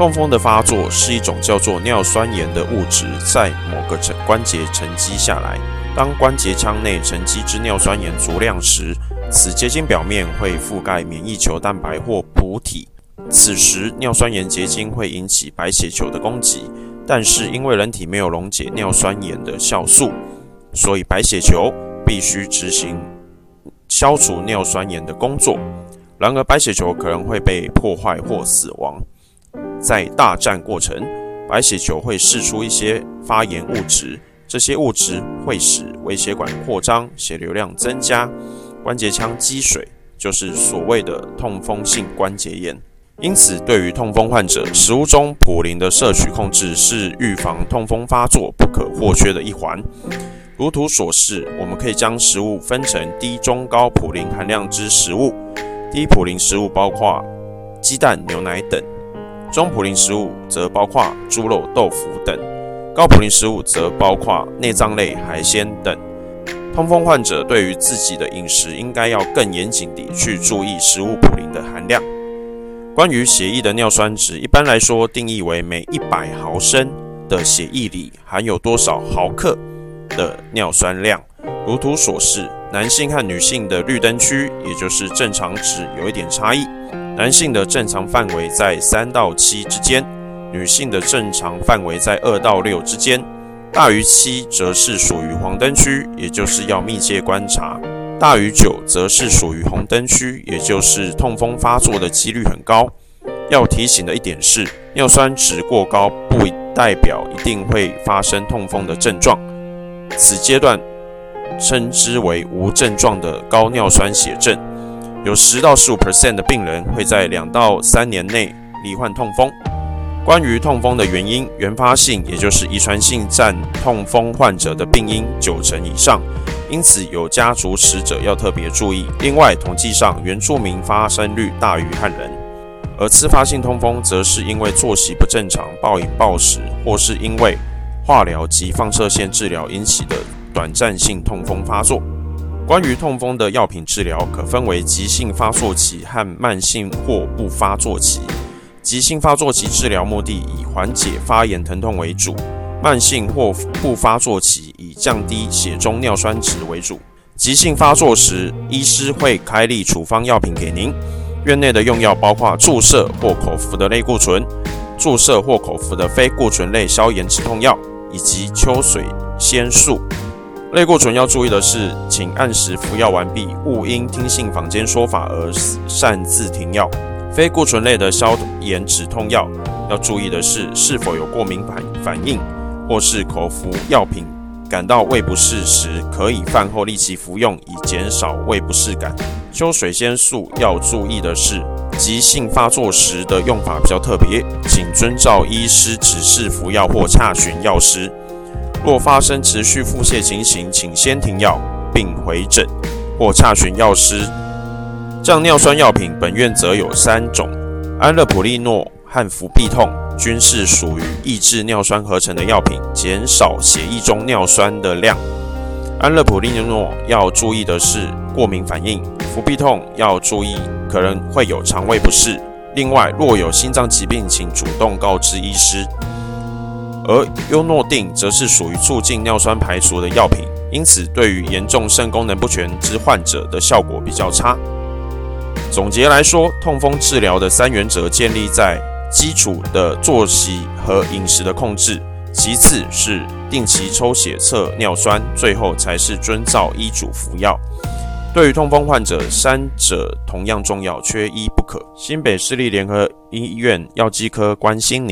痛風的發作是一種叫做尿酸鹽的物質在某個關節沉積下來。當關節腔內沉積之尿酸鹽足量時，此結晶表面會覆蓋免疫球蛋白或補體。此時尿酸鹽結晶會引起白血球的攻擊，但是因為人體沒有溶解尿酸鹽的酵素，所以白血球必須執行消除尿酸鹽的工作。然而白血球可能會被破壞或死亡。在大戰過程，白血球會釋出一些發炎物質，這些物質會使微血管擴張、血流量增加、關節腔積水，就是所謂的痛風性關節炎。因此，對於痛風患者，食物中普林的攝取控制是預防痛風發作不可或缺的一環。如圖所示，我們可以將食物分成低、中、高普林含量之食物。低普林食物包括雞蛋、牛奶等。中普林食物則包括豬肉、豆腐等；高普林食物則包括內臟類、海鮮等。痛風患者對於自己的飲食應該要更嚴謹地去注意食物普林的含量。關於血液的尿酸值，一般來說定義為每一百毫升的血液裡含有多少毫克的尿酸量。如圖所示，男性和女性的綠燈區，也就是正常值，有一點差異。男性的正常範圍在三到七之間，女性的正常範圍在二到六之間，大於七則是屬於黃燈區，也就是要密切觀察；大於九則是屬於紅燈區，也就是痛風發作的幾率很高。要提醒的一點是，尿酸值過高不代表一定會發生痛風的症狀，此階段稱之為無症狀的高尿酸血症。有十到十五 percent 的病人會在兩到三年內罹患痛風。關於痛風的原因，原發性也就是遺傳性占痛風患者的病因九成以上，因此有家族史者要特別注意。另外，統計上原住民發生率大於漢人，而次發性痛風則是因為作息不正常、暴飲暴食，或是因為化療及放射線治療引起的短暫性痛風發作。關於痛風的藥品治療可分為急性發作期和慢性或不發作期。急性發作期治療目的以緩解發炎疼痛為主，慢性或不發作期以降低血中尿酸值為主。急性發作時，醫師會開立處方藥品給您。院內的用藥包括注射或口服的類固醇、注射或口服的非固醇類消炎止痛藥，以及秋水仙素。類固醇要注意的是，請按時服藥完畢，勿因聽信坊間說法而擅自停藥。非固醇類的消炎止痛藥要注意的是，是否有過敏反反應，或是口服藥品感到胃不適時，可以飯後立即服用，以減少胃不適感。秋水仙素要注意的是，急性發作時的用法比較特別，請遵照醫師指示服藥或查詢藥師。若發生持續腹瀉情形，請先停藥並回診或洽詢藥師。降尿酸藥品，本院則有三種：安樂普利諾和氟必痛，均是屬於抑制尿酸合成的藥品，減少血液中尿酸的量。安樂普利諾要注意的是過敏反應，氟必痛要注意可能會有腸胃不適。另外，若有心臟疾病，請主動告知醫師。而優諾定則是屬於促進尿酸排除的藥品，因此對於嚴重腎功能不全之患者的效果比較差。總結來說，痛風治療的三原則建立在基礎的作息和飲食的控制，其次是定期抽血測尿酸，最後才是遵照醫囑服藥。對於痛風患者，三者同樣重要，缺一不可。新北市立聯合醫院藥劑科關心。